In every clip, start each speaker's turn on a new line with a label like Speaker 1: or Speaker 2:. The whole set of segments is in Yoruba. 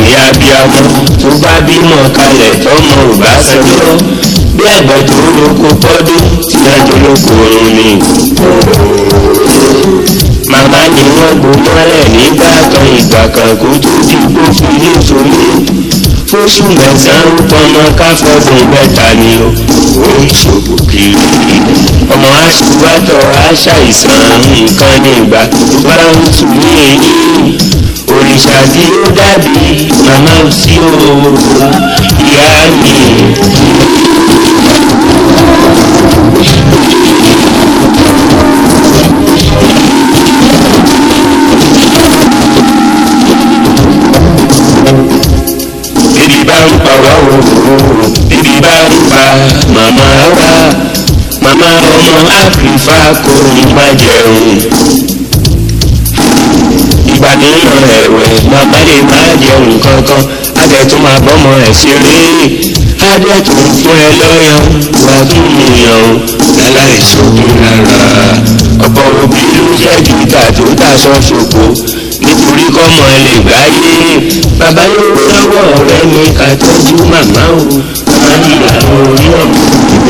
Speaker 1: ní abiyamọ tó bá bímọ kalẹ̀ ọmọ ò bá sẹjọ bí ẹ̀gbọ́n tó ń lóko pọ́dún tí ẹjọ́ lóko oorun ni. màmá ni wọ́n gbó mọ́lẹ̀ nígbà kan ìgbà kan kó tó di gbófin nítorí fóṣù mẹ́sàn-án tọmọ káfọ́sùn mẹ́ta ni ó ń kiri ọmọ aṣùwàtọ̀ aṣàìsàn nǹkan ní ìgbà tó bá ń tù ní èyí ṣàdé ó dàbí màmá ò sí o ìyá mi. Bíbí bá ń pa wá o, bíbí bá ń pa màmá wá, màmá ọmọ Áfíríkà kò ní bàjẹ́ o ìgbàdí náà ẹ̀wẹ̀ bàbá lè di jẹun kankan adẹ̀tún máa bọ́mọ ẹ̀ ṣeré adẹ̀tún fún ẹ lọ́yàn wà tún yàn ó aláìsókun lára ọ̀pọ̀ òbí ló fẹ́ jìtà tó dàṣọ ṣòfò nítorí kọ́mọ ẹ lè gbáyé bàbá yóò lọ́wọ́ rẹ ní ká tọ́jú màmá o má nìyàwó yọ̀ọ́.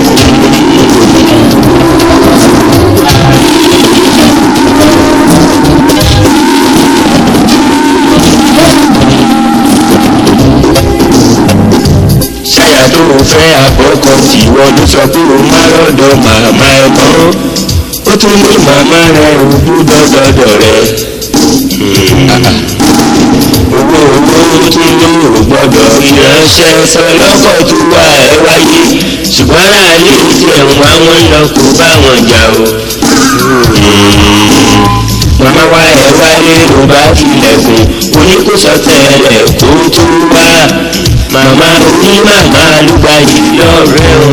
Speaker 1: fẹ́ àkọ́kọ́ ìwọ ló sọ pé o má lọ́dọ̀ màmá ẹ mọ́ ó tún ní màmá rẹ òkú dọ́dọ̀dọ̀ rẹ. owó owó tún ní ògbọ́dọ̀ ìránṣẹ́ sọlọ́kọ̀ tó wà ẹ wáyé ṣùgbọ́n láàyè ìjẹun àwọn lọ kó bá wọn jà o. màmá wa ẹ wálé ló bá tilẹ̀kùn oníkóṣọ́ tẹ̀lẹ̀ kó tó wá màmá òní màmá àlùgbàyí lọ́rẹ́ o.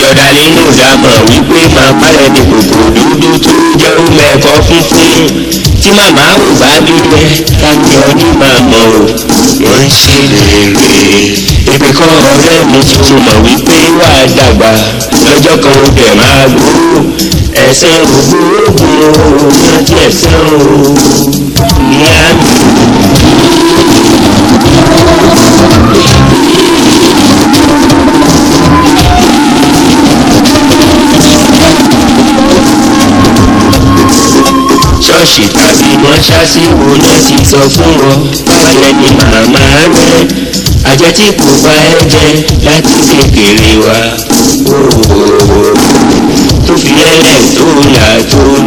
Speaker 1: yọ̀dà nínú ìdámọ̀ wípé màmá rẹ̀ ní kòkò dúdú tó jẹ́ ọmọ ẹ̀kọ́ funfun tí màmá ò bá dúdú láti ọdún màmá o wọ́n ń ṣe rere. èmi kọ́ ọ̀rẹ́ mi tuntun mọ̀ wípé wà á dàgbà lọ́jọ́ kan ó bẹ̀ máa gbòòrò ẹ̀sẹ̀ ògbóògùn ó rántí ẹ̀sẹ̀ o. ìyá mi. ṣètò àbímọ́ṣáṣí wo ló ti sọ fún ọ balẹ̀ ni màmá rẹ àjẹ tí kò bá ẹ jẹ láti kékeré wa tó fi ẹlẹ tó là tó lu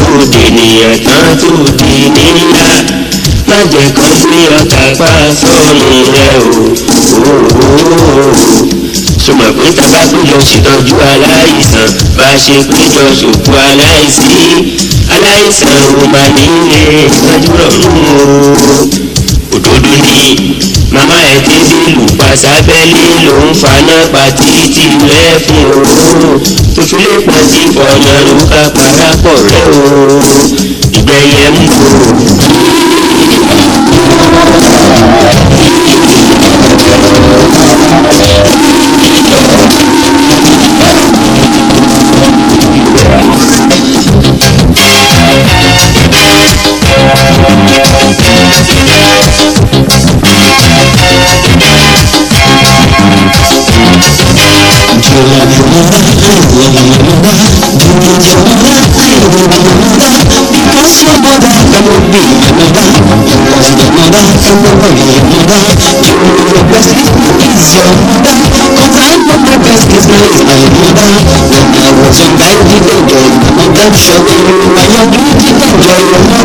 Speaker 1: tó dènìyàn tán tó di nílá má jẹ́ kán gbé ọkà pa sọ́ọ̀nù rẹ o sọmọ pé tábà péjọ ṣètọ́jú aláìsàn bá a ṣe péjọ ṣòfò aláìsí aláìsàn ò máa ní ilé ìtọ́jú rọ̀rùn o òdodo ni màmá ẹ ti dé lù pàṣábẹ́lì ló ń faná pa títí lẹ́fun o òṣèlè pọ̀ sí ọ̀nà ló ká parápọ̀ rẹ̀ o ìgbẹ́yẹ̀ ń bò. Cause the mother and the way you mother You me is my leader When I was young My mother Take care of your mother I'll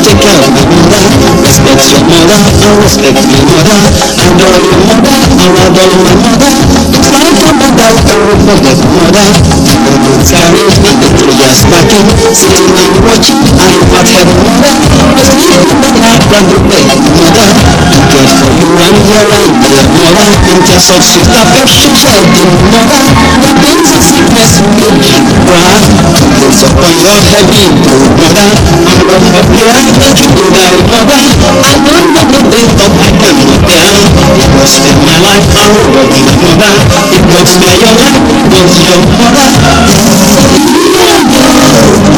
Speaker 1: take care of my mother Respect your mother I'll respect my mother Adore mother my mother sitting watching and not having wonder Does me coming out from the bed, mother To get for you and your and your mother In terms of sweet affection, child and mother The pains and sickness made you cry To place upon your heavy blue mother And what of the life that you do thy mother I don't know the date of I cannot tell It was in my life, I was my mother It was my your life, it was your mother Deus.